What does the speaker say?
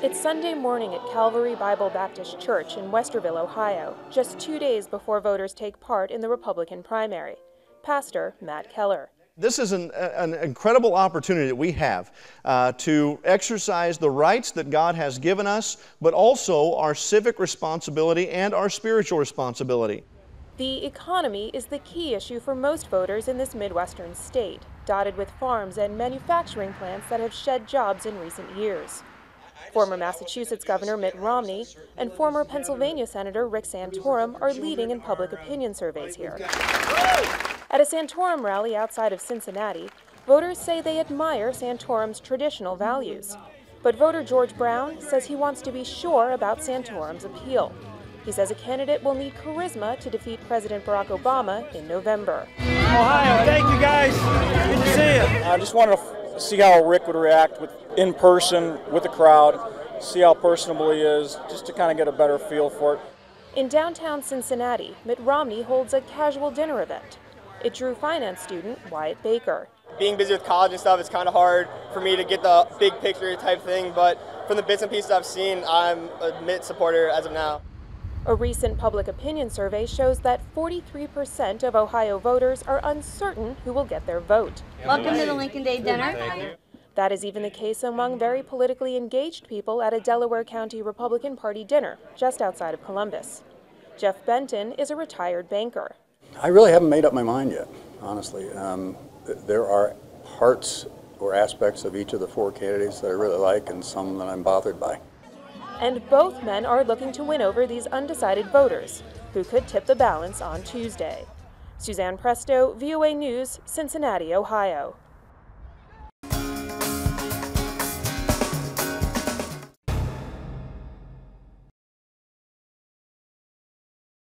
It's Sunday morning at Calvary Bible Baptist Church in Westerville, Ohio, just two days before voters take part in the Republican primary. Pastor Matt Keller. This is an, an incredible opportunity that we have uh, to exercise the rights that God has given us, but also our civic responsibility and our spiritual responsibility. The economy is the key issue for most voters in this Midwestern state, dotted with farms and manufacturing plants that have shed jobs in recent years. Former Massachusetts Governor Mitt Romney and former Pennsylvania Senator Rick Santorum are leading in public opinion surveys here. At a Santorum rally outside of Cincinnati, voters say they admire Santorum's traditional values. But voter George Brown says he wants to be sure about Santorum's appeal. He says a candidate will need charisma to defeat President Barack Obama in November. Ohio, thank you guys. Good to see you. I just wanted to see how Rick would react with, in person with the crowd, see how personable he is, just to kind of get a better feel for it. In downtown Cincinnati, Mitt Romney holds a casual dinner event. It drew finance student Wyatt Baker. Being busy with college and stuff, it's kind of hard for me to get the big picture type thing, but from the bits and pieces I've seen, I'm a Mitt supporter as of now. A recent public opinion survey shows that 43% of Ohio voters are uncertain who will get their vote. Welcome to the Lincoln Day dinner. That is even the case among very politically engaged people at a Delaware County Republican Party dinner just outside of Columbus. Jeff Benton is a retired banker. I really haven't made up my mind yet, honestly. Um, there are parts or aspects of each of the four candidates that I really like and some that I'm bothered by and both men are looking to win over these undecided voters, who could tip the balance on Tuesday. Suzanne Presto, VOA News, Cincinnati, Ohio.